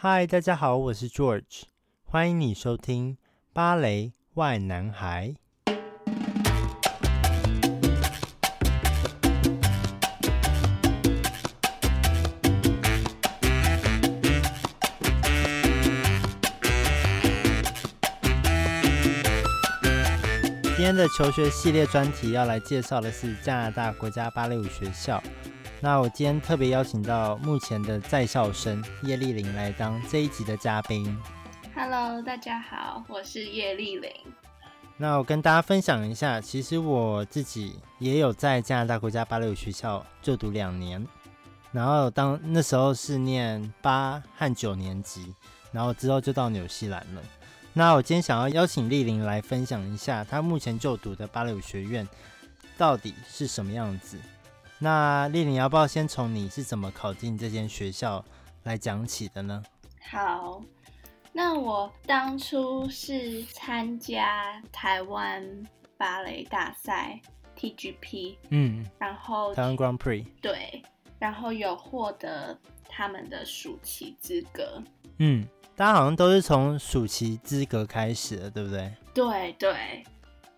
嗨，Hi, 大家好，我是 George，歡迎你收聽《芭蕾 why 男孩》。今天的求學系列專題要來介紹的是加拿大國家芭蕾舞學校。那我今天特別邀請到目前的在校生葉立琳來當這一集的嘉賓。Hello，大家好，我是葉立琳。那我跟大家分享一下，其實我自己也有在加拿大國家芭蕾舞學校就讀兩年，然後當那時候是念八和九年級，然後之後就到紐西蘭了。那我今天想要邀請立琳來分享一下她目前就讀的芭蕾舞學院到底是什麼樣子。那立琳，要不要先從你是怎麼考進這間學校來講起的呢？好，那我當初是參加台灣芭蕾大賽 TGP，嗯，然後台灣 Grand Prix，對，然後有獲得他們的暑期資格。嗯，大家好像都是從暑期資格開始的，對不對？對對，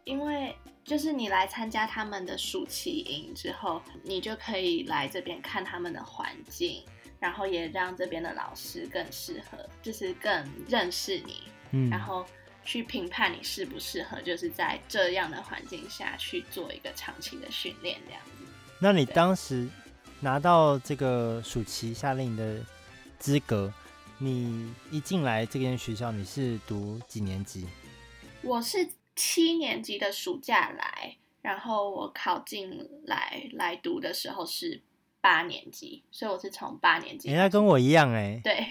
因為。就是你來參加他們的暑期營之後，你就可以來這邊看他們的環境，然後也讓這邊的老師更適合，就是更認識你，嗯，然後去評判你適不適合，就是在這樣的環境下去做一個長期的訓練這樣子。那你當時拿到這個暑期夏令營的資格，你一進來這邊學校你是讀幾年級？我是。七年級的暑假來，然後我考進來來讀的時候是八年級，所以我是從八年級。那、欸、跟我一樣哎、欸，對，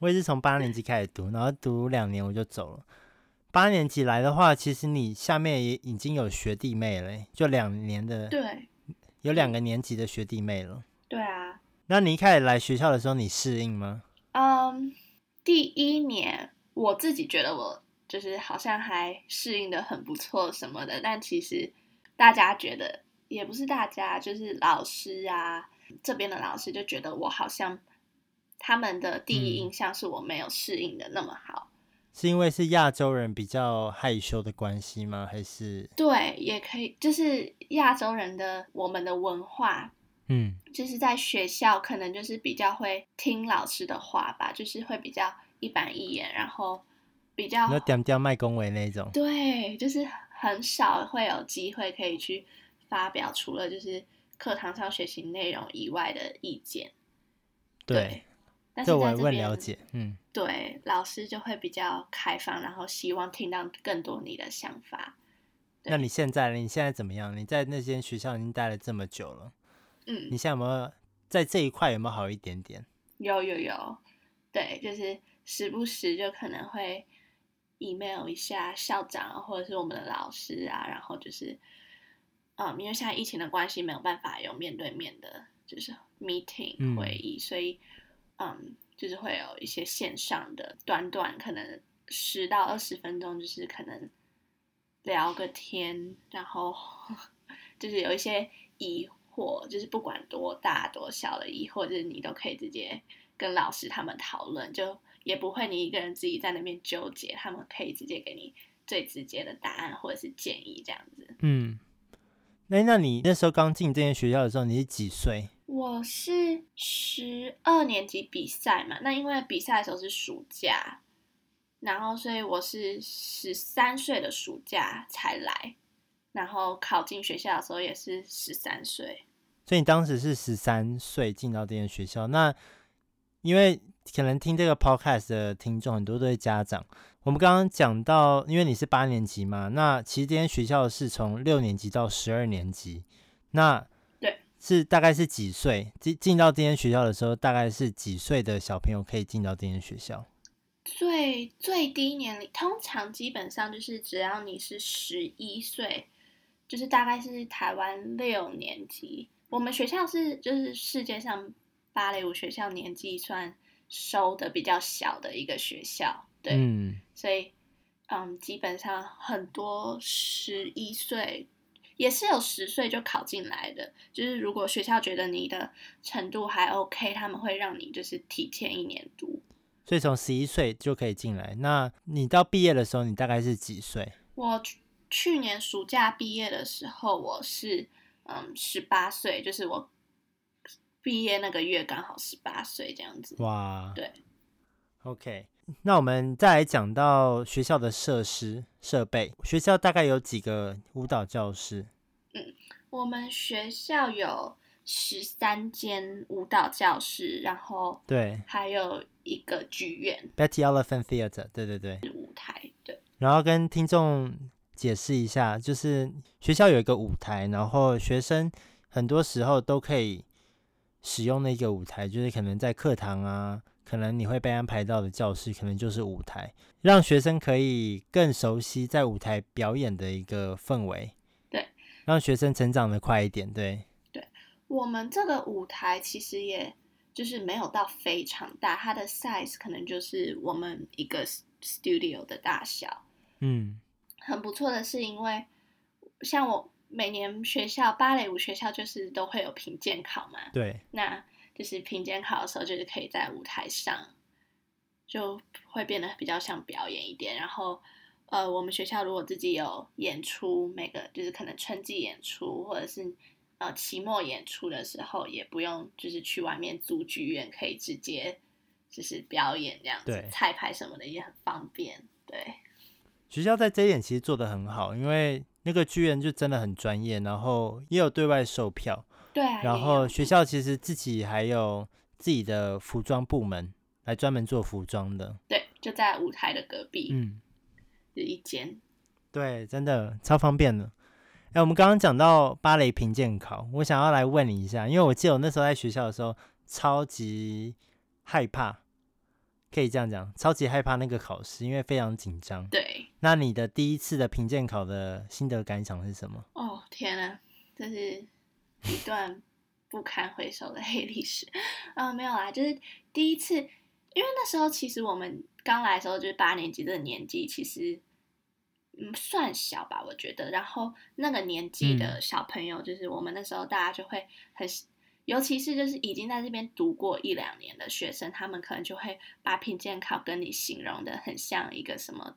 我也是從八年級開始讀，對然後讀兩年我就走了。八年級來的話，其實你下面也已經有學弟妹了、欸，就兩年的，對，有兩個年級的學弟妹了。對啊，那你一開始來學校的時候，你適應嗎？嗯，um, 第一年我自己覺得我。就是好像還適應的很不錯什麼的，但其實大家覺得也不是大家，就是老師啊，這邊的老師就覺得我好像他們的第一印象是我沒有適應的那麼好。嗯，是因為是亞洲人比較害羞的關係嗎？還是對，也可以，就是亞洲人的我們的文化，嗯，就是在學校可能就是比較會聽老師的話吧，就是會比較一板一眼，然後。比較點掉賣恭維那種，對，就是很少會有機會可以去發表，除了就是課堂上學習內容以外的意見。對，但是對我會問了解，嗯，對，老師就會比較開放，然後希望聽到更多你的想法。那你現在呢，你現在怎麼樣？你在那間學校已經待了這麼久了，嗯，你現在有沒有在這一塊有沒有好一點點？有有有，對，就是時不時就可能會。email 一下校長或者是我們的老師啊，然後就是，嗯，因為現在疫情的關係，沒有辦法有面對面的，就是 meeting 會議，嗯、所以，嗯，就是會有一些線上的，短短可能十到二十分鐘，就是可能聊個天，然後就是有一些疑惑，就是不管多大多小的疑惑，就是你都可以直接跟老師他們討論，就。也不會，你一個人自己在那邊糾結，他們可以直接給你最直接的答案或者是建議這樣子。嗯，那那你那時候剛進這間學校的時候，你是幾歲？我是十二年級比賽嘛，那因為比賽的時候是暑假，然後所以我是十三歲的暑假才來，然後考進學校的時候也是十三歲。所以你當時是十三歲進到這間學校，那。因為可能聽這個 podcast 的聽眾很多都是家長，我們剛剛講到，因為你是八年級嘛，那其實這間學校是從六年級到十二年級，那對，是大概是幾歲進進到這間學校的時候，大概是幾歲的小朋友可以進到這間學校？最最低年齡通常基本上就是只要你是十一歲，就是大概是台灣六年級，我們學校是就是世界上，芭蕾舞學校年紀算收的比較小的一個學校，對，嗯、所以，嗯，基本上很多十一歲，也是有十歲就考進來的，就是如果學校覺得你的程度還 OK，他們會讓你就是提前一年讀，所以從十一歲就可以進來。那你到畢業的時候，你大概是幾歲？我去年暑假畢業的時候，我是嗯十八歲，就是我。畢業那個月剛好十八歲，這樣子。哇。對。OK，那我們再來講到學校的設施設備。學校大概有幾個舞蹈教室？嗯，我們學校有十三間舞蹈教室，然後對，還有一個劇院，Betty Elephant Theatre。對對對，舞台對。然後跟聽眾解釋一下，就是學校有一個舞台，然後學生很多時候都可以。使用的一個舞台，就是可能在課堂啊，可能你會被安排到的教室，可能就是舞台，讓學生可以更熟悉在舞台表演的一個氛圍。對，讓學生成長得快一點。對，對，我們這個舞台其實也就是沒有到非常大，它的 size 可能就是我們一個 studio 的大小。嗯，很不錯的是因為像我。每年學校芭蕾舞學校就是都會有評鑑考嘛，對，那就是評鑑考的時候，就是可以在舞台上，就會變得比較像表演一點。然後，呃，我們學校如果自己有演出，每個就是可能春季演出或者是呃期末演出的時候，也不用就是去外面租劇院，可以直接就是表演這樣子，彩排對什麼的也很方便。對，學校在這一點其實做的很好，因為。那個劇院就真的很專業，然後也有對外售票。對、啊。然後學校其實自己還有自己的服裝部門來專門做服裝的。對，就在舞台的隔壁。嗯。這一間、嗯。對，真的超方便的。哎、欸，我們剛剛講到芭蕾評鑑考，我想要來問你一下，因為我記得我那時候在學校的時候超級害怕，可以這樣講，超級害怕那個考試，因為非常緊張。對。那你的第一次的評鑑考的心得感想是什麼？哦天吶，這是一段不堪回首的黑歷史啊、 呃！沒有啦，就是第一次，因為那時候其實我們剛來的時候就是八年級的年紀，其實嗯算小吧，我覺得。然後那個年紀的小朋友，就是我們那時候大家就會很，嗯、尤其是就是已經在這邊讀過一兩年的學生，他們可能就會把評鑑考跟你形容的很像一個什麼。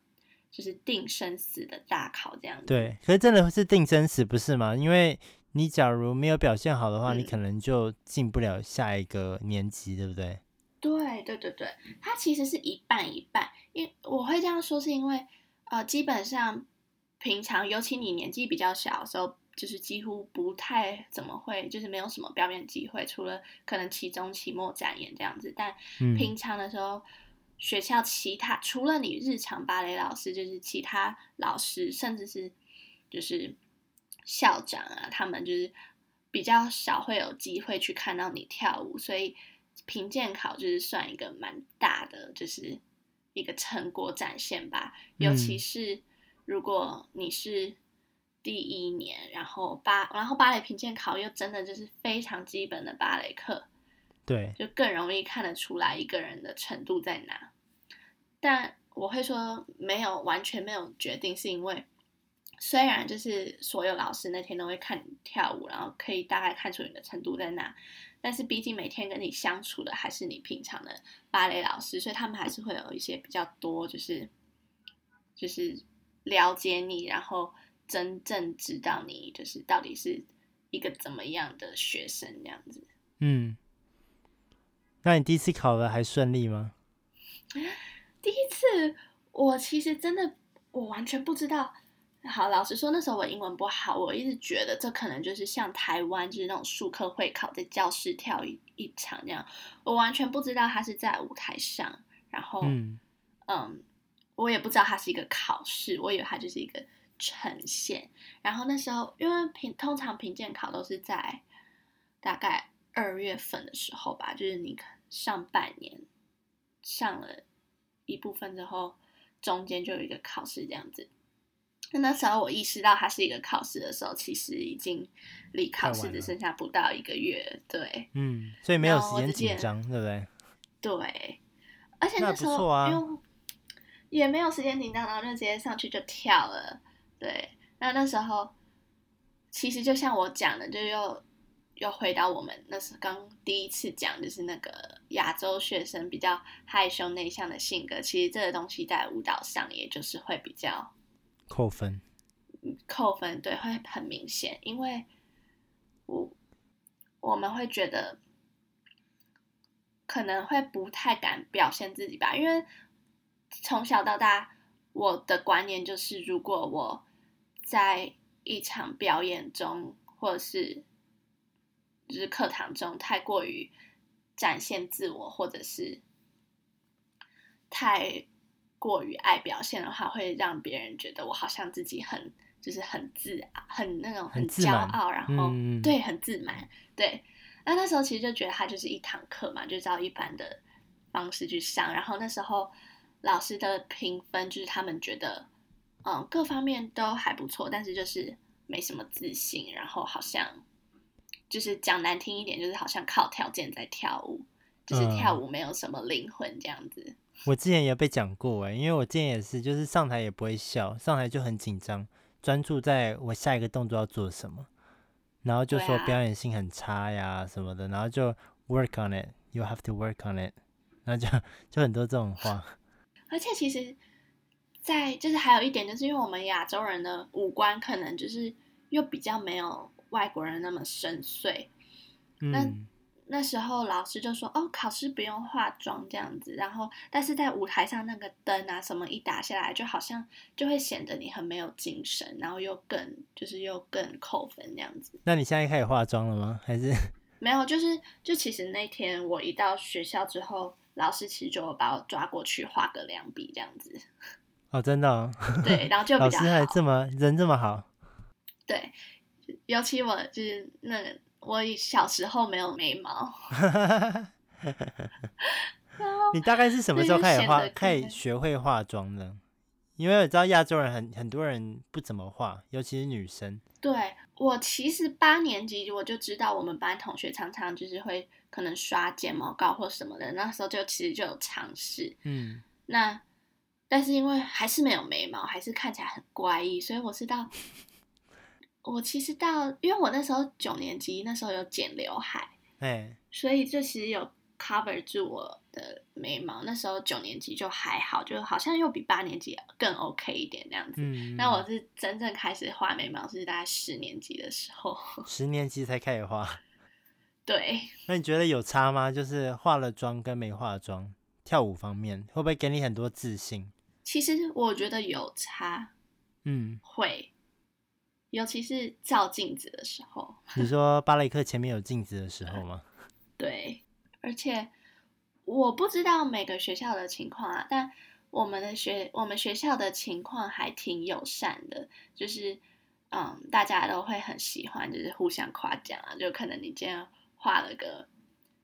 就是定生死的大考這樣子。對，可是真的是定生死不是嗎？因為你假如沒有表現好的話，嗯、你可能就進不了下一個年級，對不對？對對對對，它其實是一半一半。因為我會這樣說，是因為呃，基本上平常，尤其你年紀比較小的時候，就是幾乎不太怎麼會，就是沒有什麼表演機會，除了可能期中、期末展演這樣子。但平常的時候。嗯學校其他除了你日常芭蕾老師，就是其他老師，甚至是就是校長啊，他們就是比較少會有機會去看到你跳舞，所以評鑑考就是算一個蠻大的，就是一個成果展現吧。嗯。尤其是如果你是第一年，然後芭然後芭蕾評鑑考又真的就是非常基本的芭蕾課。對，就更容易看得出來一個人的程度在哪。但我會說沒有完全沒有決定，是因為雖然就是所有老師那天都會看你跳舞，然後可以大概看出你的程度在哪，但是畢竟每天跟你相處的還是你平常的芭蕾老師，所以他們還是會有一些比較多，就是就是了解你，然後真正知道你就是到底是一個怎麼樣的學生這樣子。嗯。那你第一次考得還順利嗎？第一次，我其實真的我完全不知道。好，老實說，那時候我英文不好，我一直覺得這可能就是像台灣就是那種術科會考，在教室跳一一場那樣。我完全不知道他是在舞台上，然後嗯，嗯，我也不知道他是一個考試，我以為他就是一個呈現。然後那時候，因為評通常評鑑考都是在大概。二月份的時候吧，就是你上半年上了一部分之後，中間就有一個考試這樣子。那那時候我意識到它是一個考試的時候，其實已經離考試只剩下不到一個月。對，嗯，所以沒有時間緊張，對不對？對，而且那時候不用，那不錯啊，也沒有時間緊張，然後就直接上去就跳了。對，那那時候其實就像我講的，就又。又回到我們那是剛第一次講，就是那個亞洲學生比較害羞內向的性格。其實這個東西在舞蹈上，也就是會比較扣分，扣分，扣分，對，會很明顯，因為我我們會覺得可能會不太敢表現自己吧。因為從小到大，我的觀念就是，如果我在一場表演中，或者是就是課堂中太過於展現自我，或者是太過於愛表現的話，會讓別人覺得我好像自己很就是很自很那種很驕傲，然後、嗯、對很自滿。對，那那時候其實就覺得他就是一堂課嘛，就照一般的方式去上。然後那時候老師的評分就是他們覺得，嗯，各方面都還不錯，但是就是沒什麼自信，然後好像。就是講難聽一點，就是好像靠條件在跳舞，就是跳舞沒有什麼靈魂這樣子、嗯。我之前也被講過哎、欸，因為我之前也是，就是上台也不會笑，上台就很緊張，專注在我下一個動作要做什麼，然後就說表演性很差呀、啊、什麼的，然後就 work on it，you have to work on it，然後就就很多這種話。而且其實在，在就是還有一點，就是因為我們亞洲人的五官可能就是又比較沒有。外國人那麼深邃，嗯、那那時候老師就說：“哦，考試不用化妝這樣子。”然後，但是在舞台上那個燈啊什麼一打下來，就好像就會顯得你很沒有精神，然後又更就是又更扣分這樣子。那你現在開始化妝了嗎？嗯、還是沒有？就是就其實那天我一到學校之後，老師其實就把我抓過去畫個兩筆這樣子。哦，真的、哦？對，然後就比老師還這麼人這麼好。對。尤其我就是那個，我小時候沒有眉毛。然後，你大概是什麼時候開始化開始學會化妝呢？因為我知道亞洲人很很多人不怎麼化，尤其是女生。對，我其實八年級我就知道我們班同學常常就是會可能刷睫毛膏或什麼的，那時候就其實就有嘗試。嗯，那但是因為還是沒有眉毛，還是看起來很怪異，所以我知道。 我其實到，因為我那時候九年級，那時候有剪劉海，哎、欸，所以就其實有 cover 住我的眉毛。那時候九年級就還好，就好像又比八年級更 OK 一點那樣子。嗯、那我是真正開始畫眉毛是大概十年級的時候，十年級才開始畫。 對，那你覺得有差嗎？就是化了妝跟沒化妝跳舞方面，會不會給你很多自信？其實我覺得有差，嗯，會。尤其是照鏡子的時候，你說芭蕾課前面有鏡子的時候嗎？ 對，而且我不知道每個學校的情況啊，但我們的學我們學校的情況還挺友善的，就是嗯，大家都會很喜歡，就是互相誇獎啊，就可能你今天畫了個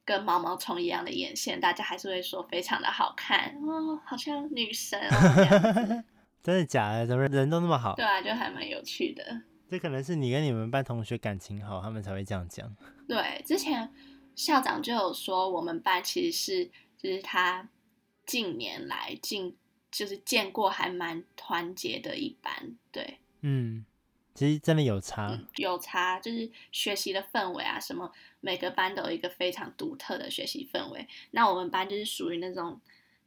跟毛毛蟲一樣的眼線，大家還是會說非常的好看哦，好像女神哦， 真的假的？怎麼人都那麼好？ 對啊，就還蠻有趣的。這可能是你跟你們班同學感情好，他們才會這樣講。對，之前校長就有說，我們班其實是就是他近年來，近就是見過還蠻團結的一班。對，嗯，其實真的有差。嗯，有差，就是學習的氛圍啊，什麼每個班都有一個非常獨特的學習氛圍。那我們班就是屬於那種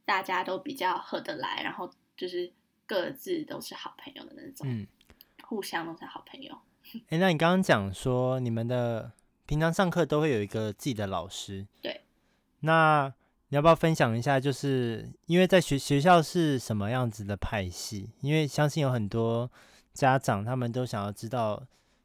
大家都比較合得來，然後就是各自都是好朋友的那種。嗯。互相弄成好朋友。哎、欸，那你剛剛講說你們的平常上課都會有一個自己的老師，對。那你要不要分享一下？就是因為在學學校是什麼樣子的派系？因為相信有很多家長他們都想要知道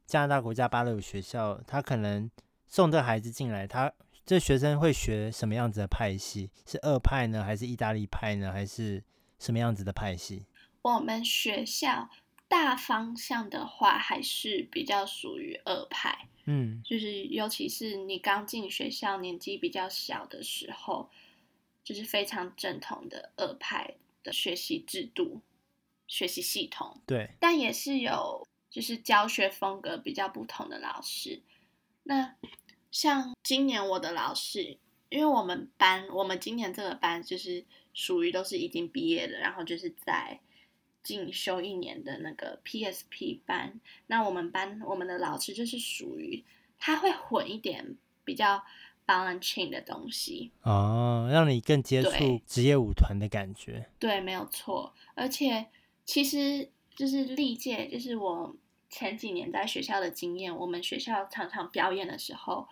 加拿大國家芭蕾舞學校，他可能送這孩子進來，他這學生會學什麼樣子的派系？是俄派呢，還是意大利派呢，還是什麼樣子的派系？我們學校。大方向的話，還是比較屬於俄派，嗯，就是尤其是你剛進學校，年紀比較小的時候，就是非常正統的俄派的學習制度、學習系統，對。但也是有就是教學風格比較不同的老師，那像今年我的老師，因為我們班，我們今年這個班就是屬於都是已經畢業了，然後就是在。進修一年的那個 PSP 班，那我們班，我們的老師就是屬於他會混一點比較 Balanchine 的東西哦，讓你更接觸職業舞團的感覺對。對，沒有錯。而且其實就是歷屆，就是我前幾年在學校的經驗，我們學校常常表演的時候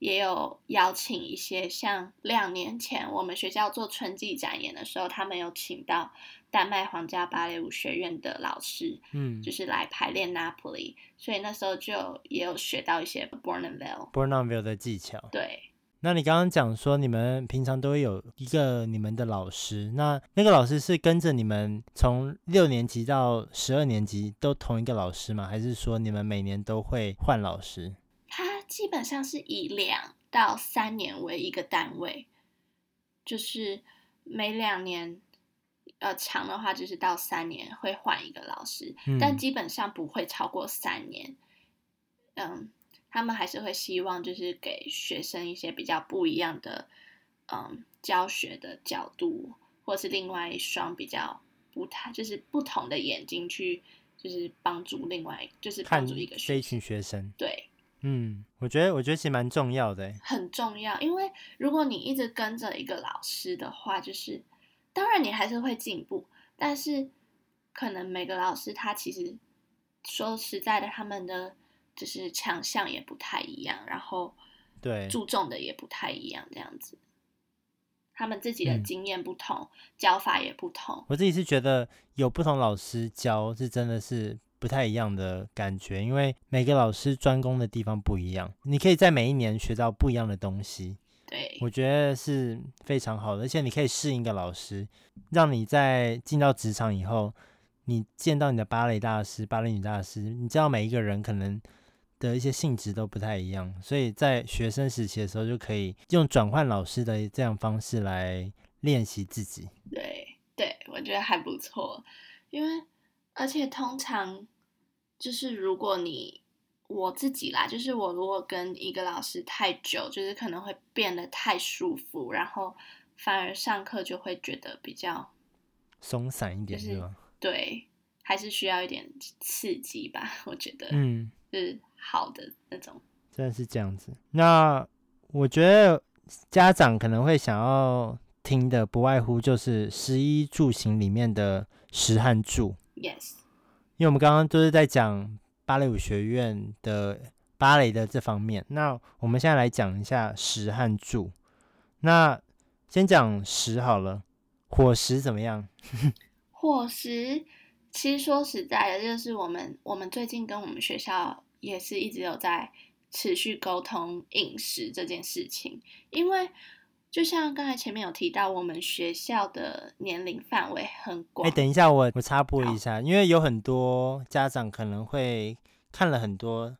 也有邀請一些，像兩年前我們學校做春季展演的時候，他們有請到。丹麥皇家芭蕾舞學院的老師，嗯，就是來排練《拿普里》，所以那時候就也有學到一些《Bournonville》《Bournonville》的技巧。對，那你剛剛講說，你們平常都會有一個你們的老師，那那個老師是跟着你們從六年級到十二年級都同一個老師嗎？還是說你們每年都會換老師？他基本上是以兩到三年為一個單位，就是每兩年。要、呃、長的話，就是到三年會換一個老師，嗯、但基本上不會超過三年。嗯，他們還是會希望就是給學生一些比較不一樣的，嗯，教學的角度，或是另外一雙比較不太就是不同的眼睛去，就是幫助另外就是幫助一個是一群學生對，嗯，我覺得我覺得其實蠻重要的，很重要，因為如果你一直跟着一個老師的話，就是。當然，你還是會進步，但是可能每個老師他其實說實在的，他們的就是強項也不太一樣，然後對注重的也不太一樣，這樣子，對他們自己的經驗不同，嗯、教法也不同。我自己是覺得有不同老師教是真的是不太一樣的感覺，因為每個老師專攻的地方不一樣，你可以在每一年學到不一樣的東西。對，我覺得是非常好的，而且你可以適應一個老師，讓你在進到職場以後，你見到你的芭蕾大師、芭蕾女大師，你知道每一個人可能的一些性質都不太一樣，所以在學生時期的時候就可以用轉換老師的這樣方式來練習自己。對，對，我覺得還不錯，因為而且通常就是如果你。我自己啦，就是我如果跟一個老師太久，就是可能會變得太舒服，然後反而上課就會覺得比較、就是、鬆散一點，是嗎？對，還是需要一點刺激吧，我覺得，嗯，是好的那種。真的、嗯、是這樣子。那我覺得家長可能會想要聽的，不外乎就是食衣住行裡面的食和住。Yes，因為我們剛剛都是在講。芭蕾舞學院的芭蕾的這方面，那我們現在來講一下食和住。那先講食好了，伙食怎麼樣？ 伙食其實說實在的，就是我們我們最近跟我們學校也是一直有在持續溝通飲食這件事情，因為，就像剛才前面有提到，我們學校的年齡範圍很廣。哎、欸，等一下我，我我插播一下，哦、因為有很多家長可能會看了很多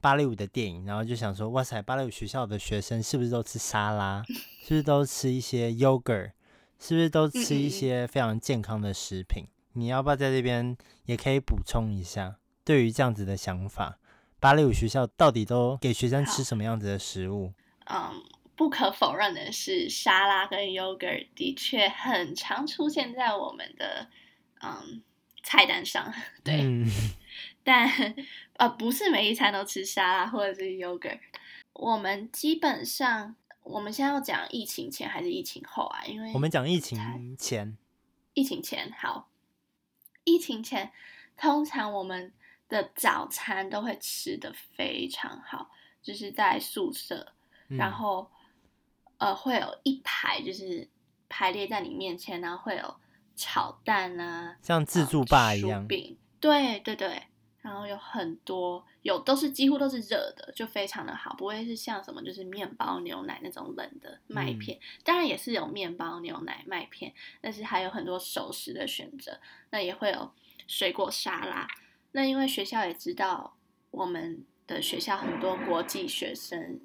芭蕾舞的電影，然後就想說，哇塞，芭蕾舞學校的學生是不是都吃沙拉？ 是不是都吃一些 yogurt？是不是都吃一些非常健康的食品？嗯嗯你要不要在這邊也可以補充一下，對於這樣子的想法，芭蕾舞學校到底都給學生吃什麼樣子的食物？哦、嗯。不可否認的是，沙拉跟 yogurt 的確很常出現在我們的嗯菜單上，對。嗯、但呃，不是每一餐都吃沙拉或者是 yogurt。我們基本上，我們先要講疫情前還是疫情後啊？因為我們講疫情前。疫情前好。疫情前，通常我們的早餐都會吃得非常好，就是在宿舍，嗯、然後。呃，會有一排就是排列在你面前，然後會有炒蛋啊，像自助吧一樣，薯餅。對對對，然後有很多有都是幾乎都是熱的，就非常的好，不會是像什麼就是麵包牛奶那種冷的麥片，嗯、當然也是有麵包牛奶麥片，但是還有很多熟食的選擇，那也會有水果沙拉，那因為學校也知道我們的學校很多國際學生，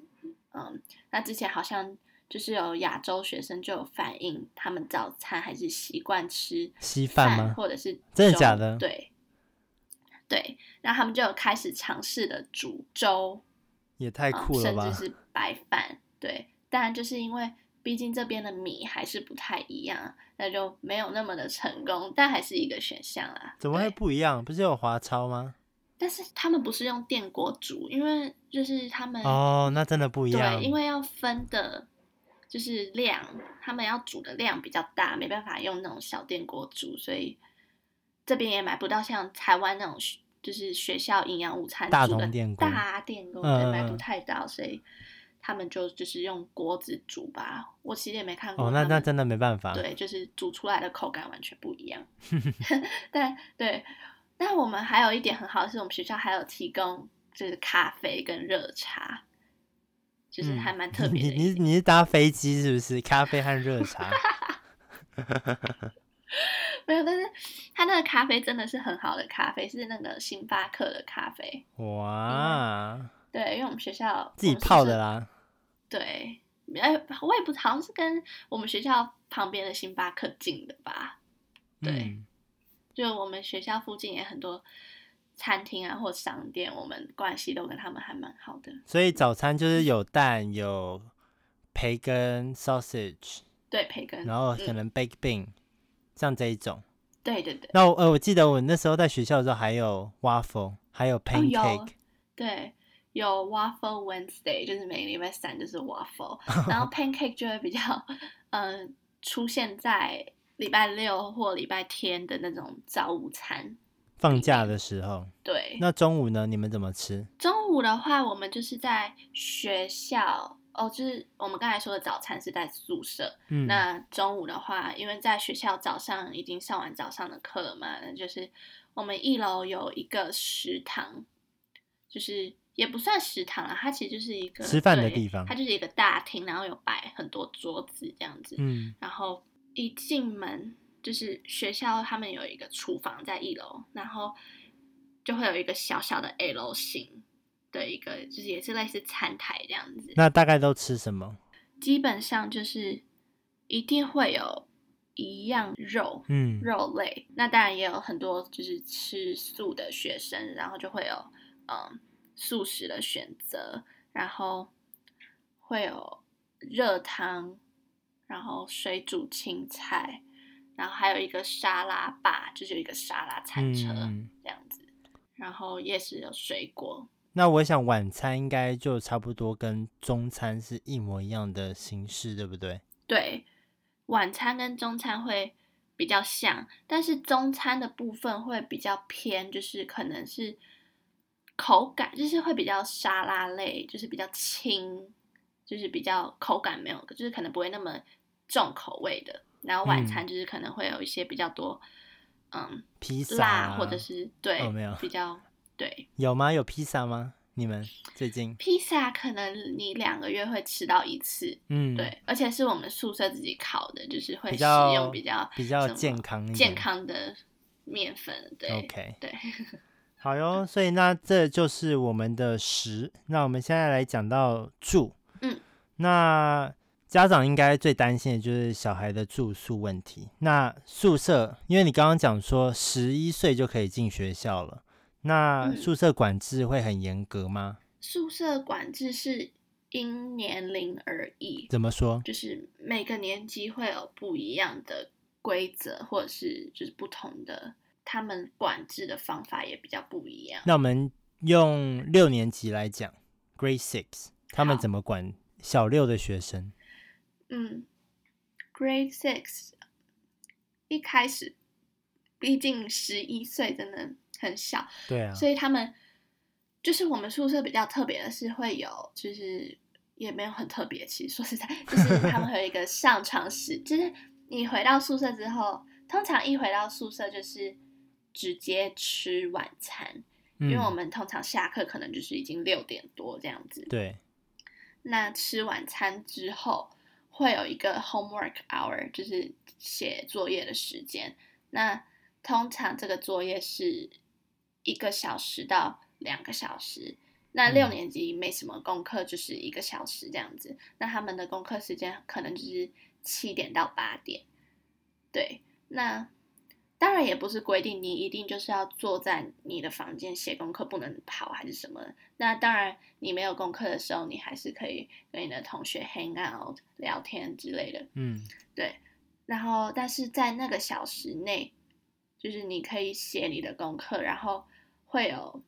嗯，那之前好像。就是有亞洲學生就有反映，他們早餐還是習慣吃稀飯嗎？或者是真的假的？對對，然後他們就有開始嘗試的煮粥，也太酷了吧！哦，甚至是白飯，對。當然就是因為畢竟這邊的米還是不太一樣，那就沒有那麼的成功，但還是一個選項啦。怎麼會不一樣？不是有華超嗎？但是他們不是用電鍋煮，因為就是他們哦，那真的不一樣。對，因為要分的。就是量，他們要煮的量比較大，沒辦法用那種小電鍋煮，所以這邊也買不到像台灣那種就是學校營養午餐大的大電鍋，大同電鍋對，買不太到，嗯、所以他們就就是用鍋子煮吧。我其實也沒看過。哦，那那真的沒辦法。對，就是煮出來的口感完全不一樣。 但對，那我們還有一點很好，是我們學校還有提供就是咖啡跟熱茶。就是還蠻特別，嗯。你你，你是搭飛機是不是？咖啡和熱茶？沒有，但是它那個咖啡真的是很好的咖啡，是那個星巴克的咖啡。哇、嗯。對，因為我們學校們是是自己泡的啦。對，哎，我也不，好像是跟我們學校旁邊的星巴克近的吧？對，嗯、就我們學校附近也很多餐廳啊，或商店，我們關係都跟他們還蠻好的。所以早餐就是有蛋、有培根、sausage，對，培根，然後可能 baked bean 這樣、嗯、這一種。對對對。那呃，我記得我那時候在學校的時候，還有 waffle，還有 pancake、哦。對，有 waffle Wednesday，就是每個禮拜三就是 waffle， 然後 pancake 就會比較，嗯、呃，出現在禮拜六或禮拜天的那種早午餐。放假的時候，對，對。那中午呢？你們怎麼吃？中午的話，我們就是在學校哦，就是我們剛才說的早餐是在宿舍。嗯，那中午的話，因為在學校早上已經上完早上的課了嘛，就是我們一樓有一個食堂，就是也不算食堂啦，它其實就是一個吃飯的地方，它就是一個大廳，然後有擺很多桌子這樣子。嗯，然後一進門。就是學校他們有一個廚房在一樓，然後就會有一個小小的 L 型的一個，就是也是類似餐台這樣子。那大概都吃什麼？基本上就是一定會有一樣肉，嗯，肉類。那當然也有很多就是吃素的學生，然後就會有嗯素食的選擇，然後會有熱湯，然後水煮青菜。然後還有一個沙拉吧，就是有一個沙拉餐車、嗯、這樣子。然後也是有水果。那我想晚餐應該就差不多跟中餐是一模一樣的形式，對不對？對，晚餐跟中餐會比較像，但是中餐的部分會比較偏，就是可能是口感，就是會比較沙拉類，就是比較輕，就是比較口感沒有，就是可能不會那麼重口味的。然後晚餐就是可能會有一些比較多，嗯，披薩或者是對，沒有比較對有嗎？有披薩嗎？你們最近披薩可能你兩個月會吃到一次，嗯，對，而且是我們宿舍自己烤的，就是會使用比較比較健康健康的麵粉，對，OK，對，好喲。所以那這就是我們的食。那我們現在來講到住，嗯，那。家長應該最擔心的就是小孩的住宿問題。那宿舍，因為你剛剛講說十一歲就可以進學校了，那宿舍管制會很嚴格嗎？嗯，宿舍管制是因年齡而異。怎麼說？就是每個年級會有不一樣的規則，或者是就是不同的，他們管制的方法也比較不一樣。那我們用六年級來講，Grade Six，他們怎麼管小六的學生？嗯，Grade Six，一開始，畢竟十一歲，真的很小，對啊。所以他們就是我們宿舍比較特別的是會有，就是也沒有很特別。其實說實在，就是他們會有一個上床時間 就是你回到宿舍之後，通常一回到宿舍就是直接吃晚餐，嗯、因為我們通常下課可能就是已經六點多這樣子。對，那吃晚餐之後。會有一個 homework hour，就是寫作業的時間。那通常這個作業是一個小時到兩個小時。那六年級沒什麼功課，嗯、就是一個小時這樣子。那他們的功課時間可能就是七點到八點。對，那。當然也不是規定你一定就是要坐在你的房間寫功課，不能跑還是什麼。那當然，你沒有功課的時候，你還是可以跟你的同學 hang out 聊天之類的。嗯，對。然後，但是在那個小時內，就是你可以寫你的功課，然後會有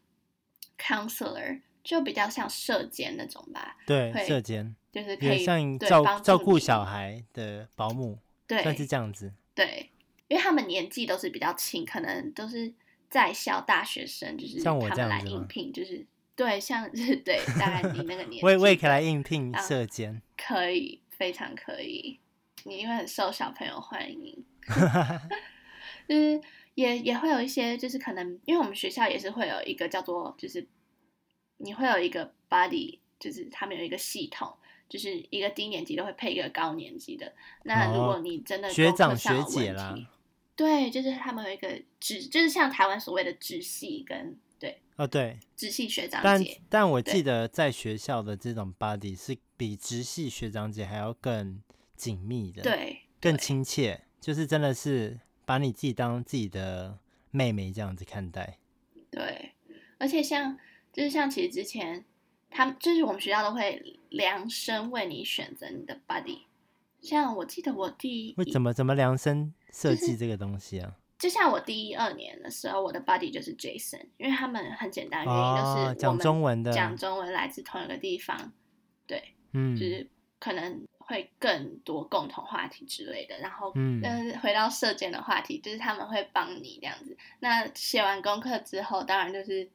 counselor，就比較像舍監那種吧。對，會舍監監，就是可以像對照照顧小孩的保姆，對是這樣子。對。因為他們年紀都是比較輕，可能都是在校大學生，就是他們來應聘，就是對，像是對，大概你那個年紀，我我也可以來應聘社監，可以，非常可以。你因為很受小朋友歡迎， 就是也也會有一些，就是可能因為我們學校也是會有一個叫做，就是你會有一個 buddy，就是他們有一個系統，就是一個低年級都會配一個高年級的。那如果你真的、哦、學長學姐啦。對，就是他們有一個直，就是像台灣所謂的直系跟對哦，對，哦對直系學長姐，但但我記得在學校的這種 buddy 對是比直系學長姐還要更緊密的，對，更親切，對就是真的是把你自己當自己的妹妹這樣子看待。對，而且像就是像其實之前他們就是我們學校都會量身為你選擇你的 buddy，像我記得我第一，為什麼怎麼量身？設計這個東西啊，就是、就像我第一二年的時候，我的 buddy 就是 Jason，因為他們很簡單原因就是我們講中文的，哦、講，中文的講中文來自同一個地方，對，嗯，就是可能會更多共同話題之類的。然後，嗯、呃，回到設計的話題，就是他們會幫你這樣子。那寫完功課之後，當然就是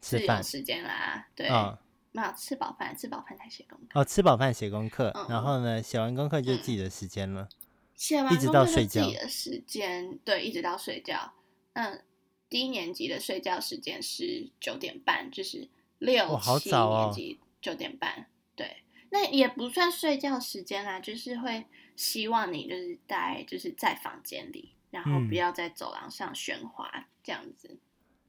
自由時間啦，飯對，哦、沒有吃飽飯，吃飽飯才寫功課哦，吃飽飯寫功課，嗯、然後呢，寫完功課就是自己的時間了。嗯寫完作業就自己的時間，對，一直到睡覺。嗯，低年級的睡覺時間是九點半，就是六，哦，好早哦，七年級九點半。對，那也不算睡覺時間啦，就是會希望你就是在，就是在房間裡，然後不要在走廊上喧嘩、嗯、這樣子。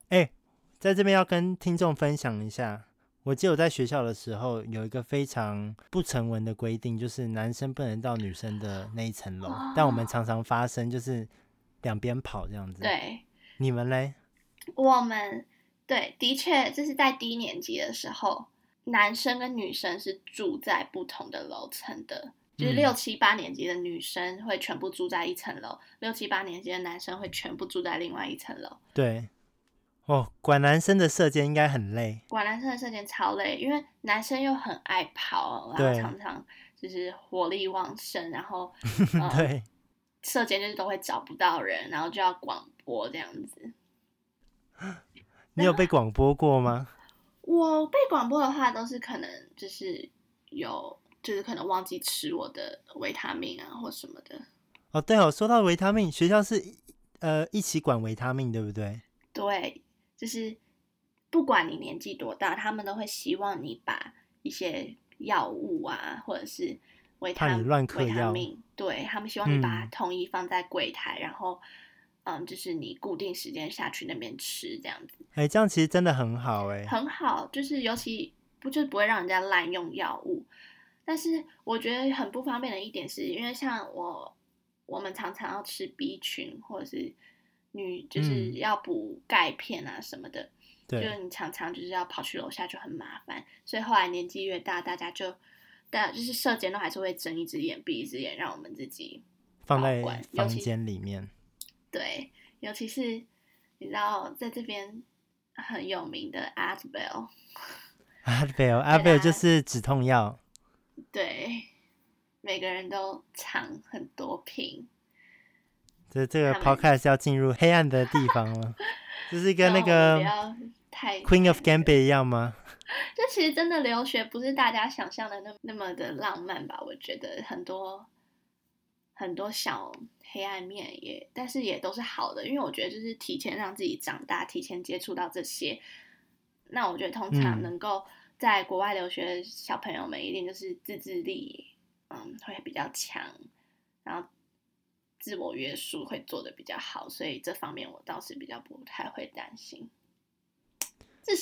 哎、欸，在這邊要跟聽眾分享一下。我記得我在學校的時候，有一個非常不成文的規定，就是男生不能到女生的那一層樓。哇但我們常常發生，就是兩邊跑這樣子。對，你們嘞？我們對，的確，就是在低年級的時候，男生跟女生是住在不同的樓層的。就是六七八年級的女生會全部住在一層樓，嗯、六七八年級的男生會全部住在另外一層樓。對。哦，管男生的舍監應該很累。管男生的舍監超累，因為男生又很愛跑，對然後常常就是活力旺盛，然後、呃、 對，舍監就是都會找不到人，然後就要廣播這樣子。你有被廣播過嗎？嗯、我被廣播的話，都是可能就是有，就是可能忘記吃我的維他命啊，或什麼的。哦，對哦，說到維他命，學校是呃一起管維他命，對不對？對。就是不管你年紀多大，他們都會希望你把一些藥物啊，或者是維他，維他命，對，他們希望你把它統一放在櫃檯，嗯、然後嗯，就是你固定時間下去那邊吃這樣子。哎、欸，這樣其實真的很好，欸，哎，很好，就是尤其不就不會讓人家濫用藥物。但是我覺得很不方便的一點是，因為像我我們常常要吃 B 群，或者是。女就是要補鈣片啊什麼的，嗯、對，就是你常常就是要跑去樓下，就很麻煩，所以後來年紀越大，大家就，但就是舍監都還是會睜一隻眼閉一隻眼，讓我們自己保管放在房間裡面。對，尤其是你知道，在這邊很有名的 Advil，AdvilAdvil 就是止痛藥，對，每個人都藏很多瓶。這這個 Podcast 要進入黑暗的地方了，這他們 是跟那個 Queen of Gambit 一樣嗎？這 其實真的留學不是大家想象的那那麼的浪漫吧？我覺得很多很多小黑暗面也，但是也都是好的，因為我覺得就是提前讓自己長大，提前接觸到這些。那我覺得通常能夠在國外留學的小朋友們一定就是自制力嗯，嗯會比較強，然後。自我約束會做得比較好，所以這方面我倒是比較不太會擔心。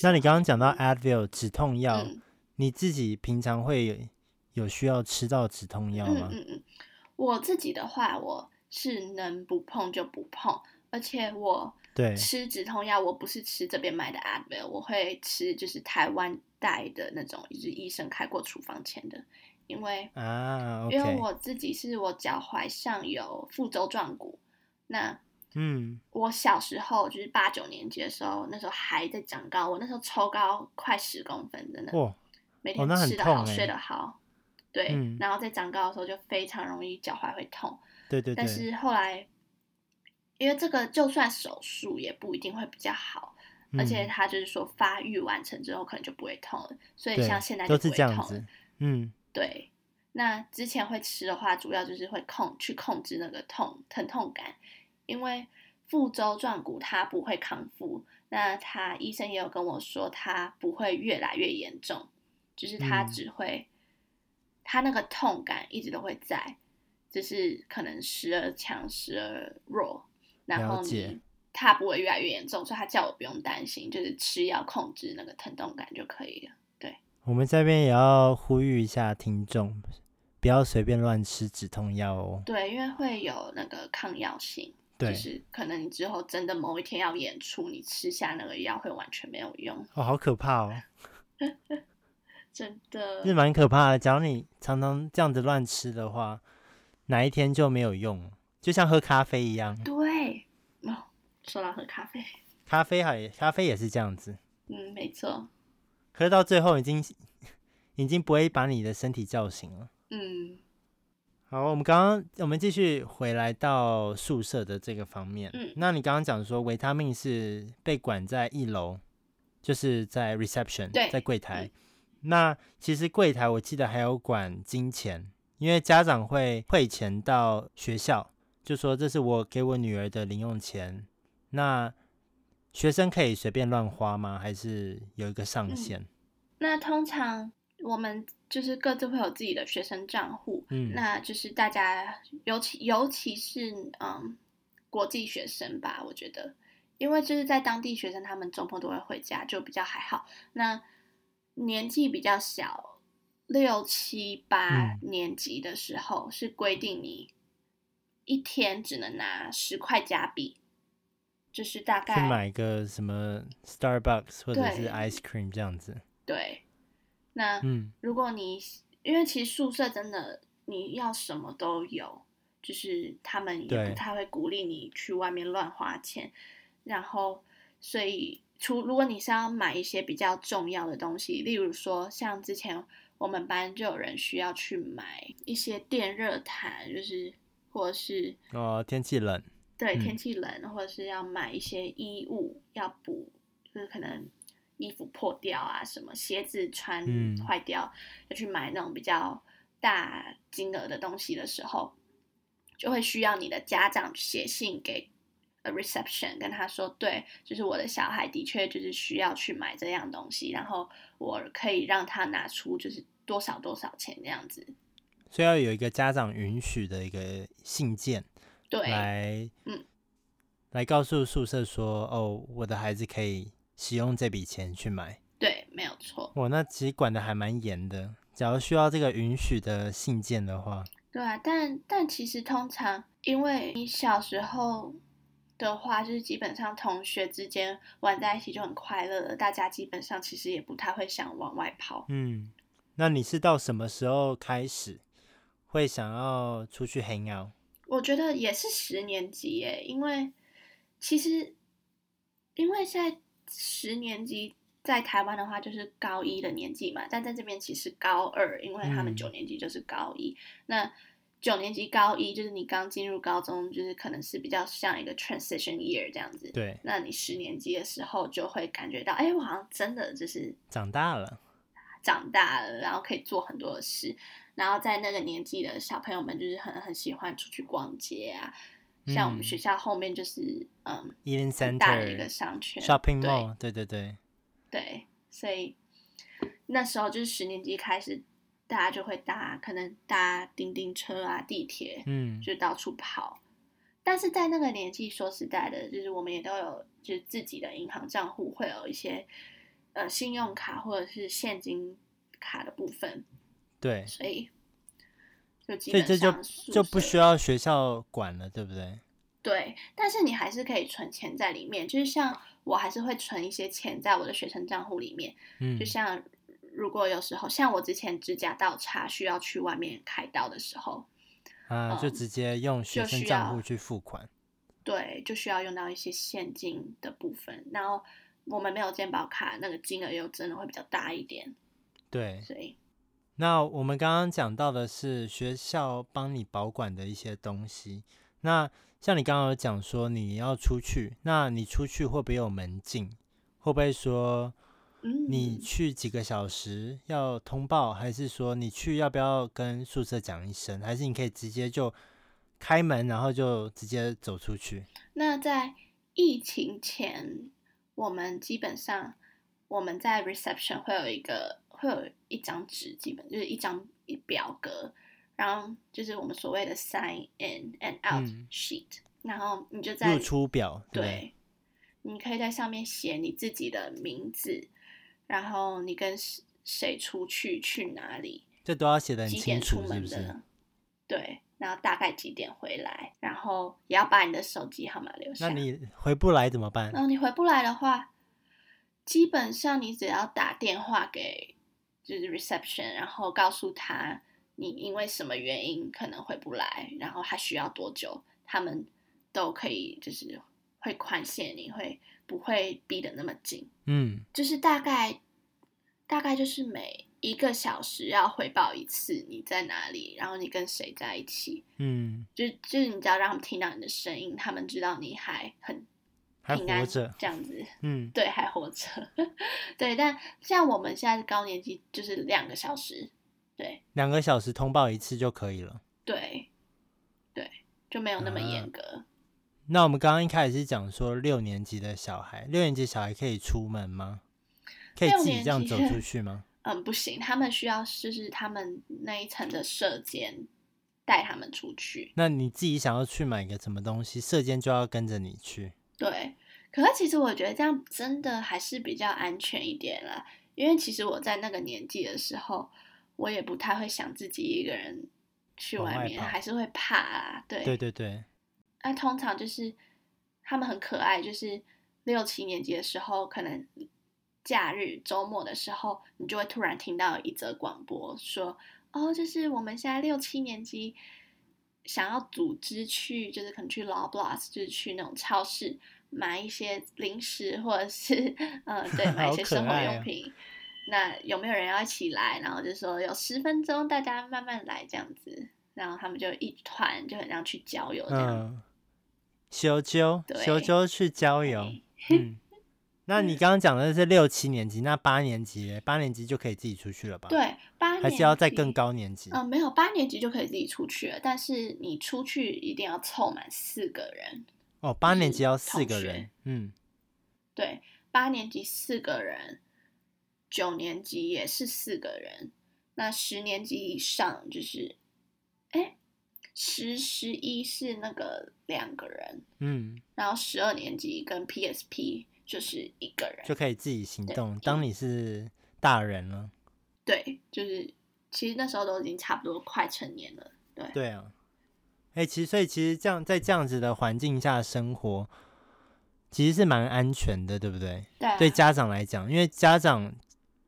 那你剛剛講到 Advil 止痛藥，嗯、你自己平常會有需要吃到止痛藥嗎？嗯嗯、嗯我自己的話，我是能不碰就不碰，而且我對吃止痛藥，我不是吃這邊買的 Advil，我會吃就是台灣帶的那種，就是醫生開過處方簽的。因為因為我自己是我腳踝上有副舟狀骨，那嗯，我小時候就是八九年級的時候，那時候還在長高，我那時候抽高快十公分，真的、哦，每天吃得好，哦欸、睡得好，對，嗯、然後在長高的時候就非常容易腳踝會痛，對對對，但是後來因為這個就算手術也不一定會比較好，嗯、而且它就是說發育完成之後可能就不會痛了，所以像現在就不會痛了都是這樣子，嗯。對，那之前會吃的話，主要就是會控去控制那個痛疼痛感，因為副舟狀骨它不會康復，那他醫生也有跟我說，它不會越來越嚴重，就是它只會，它、嗯、那個痛感一直都會在，只、就是可能時而強時而弱，然後它不會越來越嚴重，了解，所以他叫我不用擔心，就是吃藥控制那個疼痛感就可以了。我們這邊也要呼籲一下聽眾，不要隨便亂吃止痛藥哦。對，因為會有那個抗藥性，對就是可能你之後真的某一天要演出，你吃下那個藥會完全沒有用。哦，好可怕哦！ 真的，是蠻可怕的。假如你常常這樣子亂吃的話，哪一天就沒有用，就像喝咖啡一樣。對哦，說到喝咖啡，咖啡還咖啡也是這樣子。嗯，沒錯。可是到最後已經，已經不會把你的身體叫醒了。嗯，好，我們剛剛我們繼續回來到宿舍的這個方面。嗯，那你剛剛講說維他命是被管在一樓，就是在 reception，對在櫃檯。嗯，那其實櫃檯我記得還有管金錢，因為家長會匯錢到學校，就說這是我給我女兒的零用錢。那學生可以隨便亂花嗎？還是有一個上限，嗯？那通常我們就是各自會有自己的學生賬戶。嗯，那就是大家，尤其尤其是嗯，國際學生吧，我覺得，因為就是在當地學生，他們周末都會回家，就比較還好。那年紀比較小，六七八年級的時候，嗯，是規定你一天只能拿十塊加幣。就是大概去買個什麼 Starbucks 或者是 ice cream 這樣子。對，那如果你、嗯、因為其實宿舍真的你要什麼都有，就是他們不太會鼓勵你去外面亂花錢，對然後所以除如果你是要買一些比較重要的東西，例如說像之前我們班就有人需要去買一些電熱毯，就是或者是哦天氣冷。對，天氣冷，或者是要買一些衣物，嗯、要補，就是可能衣服破掉啊，什麼鞋子穿壞掉，要、嗯、去買那種比較大金額的東西的時候，就會需要你的家長寫信給呃 reception，跟他說，對，就是我的小孩的確就是需要去買這樣東西，然後我可以讓他拿出就是多少多少錢這樣子，所以要有一個家長允許的一個信件。對，來，嗯，來告訴宿舍說，哦，我的孩子可以使用這筆錢去買。對，沒有錯。我那其實管的還蠻嚴的。假如需要這個允許的信件的話，對啊，但但其實通常，因為你小時候的話，就是基本上同學之間玩在一起就很快樂了，大家基本上其實也不太會想往外跑。嗯，那你是到什麼時候開始會想要出去 hang out？我覺得也是十年級耶，因為其實因為在十年級，在台灣的話就是高一的年紀嘛，但在這邊其實高二，因為他們九年級就是高一。嗯。那九年級高一就是你剛進入高中，就是可能是比較像一個 transition year 這樣子。對。那你十年級的時候就會感覺到，哎，我好像真的就是長大了，長大了，然後可以做很多的事。然後在那個年紀的小朋友們就是很很喜歡出去逛街啊，嗯、像我們學校後面就是嗯很 Even Center, 大的一個商圈，shopping mall，對對對對，對，所以那時候就是十年級開始，大家就會搭，可能搭叮叮車啊、地鐵，嗯，就到處跑。嗯、但是在那個年紀，說實在的，就是我們也都有就是自己的銀行賬戶，會有一些呃信用卡或者是現金卡的部分。對，所以，所以就所以這就就不需要學校管了，對不對？對，但是你還是可以存錢在裡面，就是像我還是會存一些錢在我的學生賬戶裡面。嗯，就像如果有時候像我之前指甲倒插需要去外面開刀的時候，啊，嗯，就直接用學生賬戶去付款。對，就需要用到一些現金的部分。然後我們沒有健保卡，那個金額又真的會比較大一點。對，所以。那我們剛剛講到的是學校幫你保管的一些東西。那像你剛剛有講說你要出去，那你出去會不會有門禁？會不會說你去幾個小時要通報，還是說你去要不要跟宿舍講一聲？還是你可以直接就開門，然後就直接走出去？那在疫情前，我們基本上我們在 reception 會有一個。會有一張紙，基本就是一張一表格，然後就是我們所謂的 sign in and out、嗯、sheet，然後你就在入出表。對，對你可以在上面寫你自己的名字，然後你跟誰出去，去哪裡，這都要寫的很清楚，幾點出門的，是不是？對，然後大概幾點回來，然後也要把你的手機號碼留下。那你回不來怎麼辦？嗯，你回不來的話，基本上你只要打電話給。就是 reception，然後告訴他你因為什麼原因可能回不來，然後還需要多久，他們都可以就是會寬限你。你會不會逼得那麼緊？嗯，就是大概大概就是每一個小時要回報一次你在哪裡，然後你跟誰在一起，嗯，就就是你只要讓他們聽到你的聲音，他們知道你還很活着這樣子，嗯，對，還活着， 對。但像我們現在是高年級就是兩個小時，對，兩個小時通報一次就可以了，對，對，就沒有那麼嚴格。啊，那我們剛剛一開始是講說六年級的小孩，六年級小孩可以出門嗎？可以自己這樣走出去嗎？嗯，不行，他們需要就是他們那一層的舍監帶他們出去。那你自己想要去買個什麼東西，舍監就要跟着你去，對。可是其實我覺得這樣真的還是比較安全一點啦，因為其實我在那個年紀的時候，我也不太會想自己一個人去外面，還是會怕啊。對對對對。那、啊、通常就是他們很可愛，就是六七年級的時候，可能假日週末的時候，你就會突然聽到有一則廣播說：“哦，就是我們現在六七年級。”想要組織去，就是可能去 Loblaws 就是去那種超市買一些零食，或者是，嗯、呃、對，買一些生活用品。啊、那有沒有人要一起來？然後就說有十分鐘，大家慢慢來這樣子。然後他們就一團，就很像去郊遊。嗯，修修，修修去郊遊。對嗯、 那你剛剛講的是六七年級，那八年級，八年級就可以自己出去了吧？對。八年級還是要在更高年級啊、嗯，沒有八年級就可以自己出去了，但是你出去一定要湊滿四個人哦。八年級要四個人，嗯，對，八年級四個人，九年級也是四個人，那十年級以上就是，哎、欸，十十一是那個兩個人，嗯，然後十二年級跟 PSP 就是一個人就可以自己行動，對當你是大人了。對，就是其實那時候都已經差不多快成年了，對。對啊，哎，其實所以其實這樣在這樣子的環境下生活，其實是蠻安全的，對不對？對啊。對家長來講，因為家長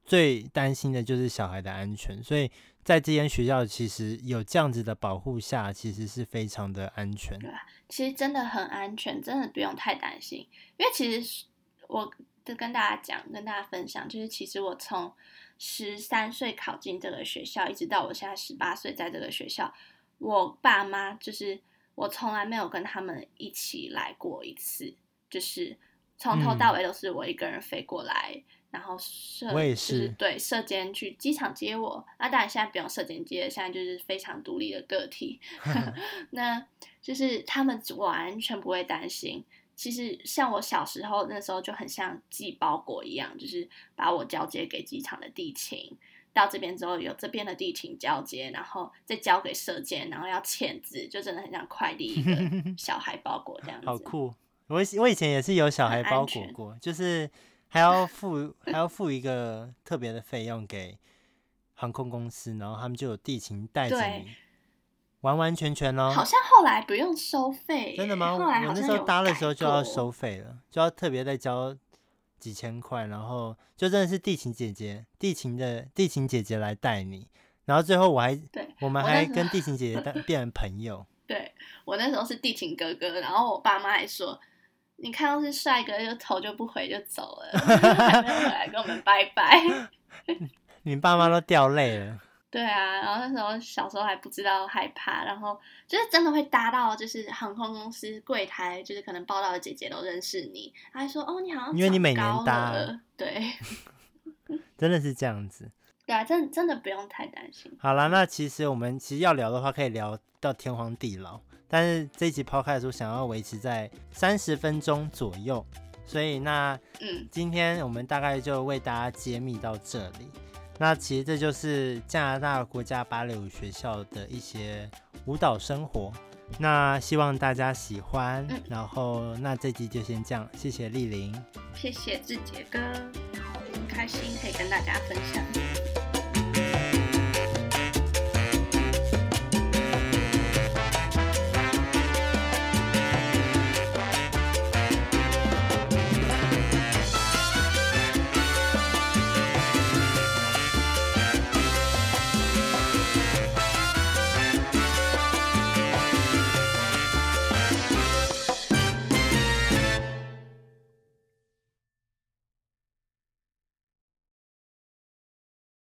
最擔心的就是小孩的安全，所以在這間學校其實有這樣子的保護下，其實是非常的安全。對啊，其實真的很安全，真的不用太擔心，因為其實我。就跟大家講，跟大家分享，就是其實我從十三歲考進這個學校，一直到我現在十八歲，在這個學校，我爸媽就是我從來沒有跟他們一起來過一次，就是從頭到尾都是我一個人飛過來，嗯、然後社是，是對舍監去機場接我，啊，當然現在不用舍監接，現在就是非常獨立的個體，呵呵 那就是他們我完全不會擔心。其實像我小時候那時候就很像寄包裹一樣，就是把我交接給機場的地勤，到這邊之後有這邊的地勤交接，然後再交給舍監，然後要簽字，就真的很像快遞一個小孩包裹這樣子。 好酷！我我以前也是有小孩包裹過，很就是還要付 還要付一個特別的費用給航空公司，然後他們就有地勤帶著你。完完全全哦，好像後來不用收費。真的嗎？我那時候搭的時候就要收費了，就要特別再交幾千塊，然後就真的是地勤姐姐，地勤的地勤姐姐來帶你，然後最後我還，對我們還跟地勤姐姐變成朋友。對，我那時候是地勤哥哥，然後我爸媽還說，你看到是帥哥就頭就不回就走了， 還沒有回來跟我們拜拜， 你，你爸媽都掉淚了。對啊，然後那時候小時候還不知道害怕，然後就是真的會搭到，就是航空公司櫃檯，就是可能報到的姐姐都認識你，她還說哦，你好像因為你每年搭，對， 真的是這樣子。對啊，真的真的不用太擔心。好了，那其實我們其實要聊的話，可以聊到天荒地老，但是這一集拋開的時候想要維持在三十分鐘左右，所以那嗯，今天我們大概就為大家揭秘到這裡。嗯那其實這就是加拿大國家芭蕾舞學校的一些舞蹈生活。那希望大家喜歡，嗯、然後那這集就先這樣，謝謝立琳，謝謝志杰哥，然後很開心可以跟大家分享。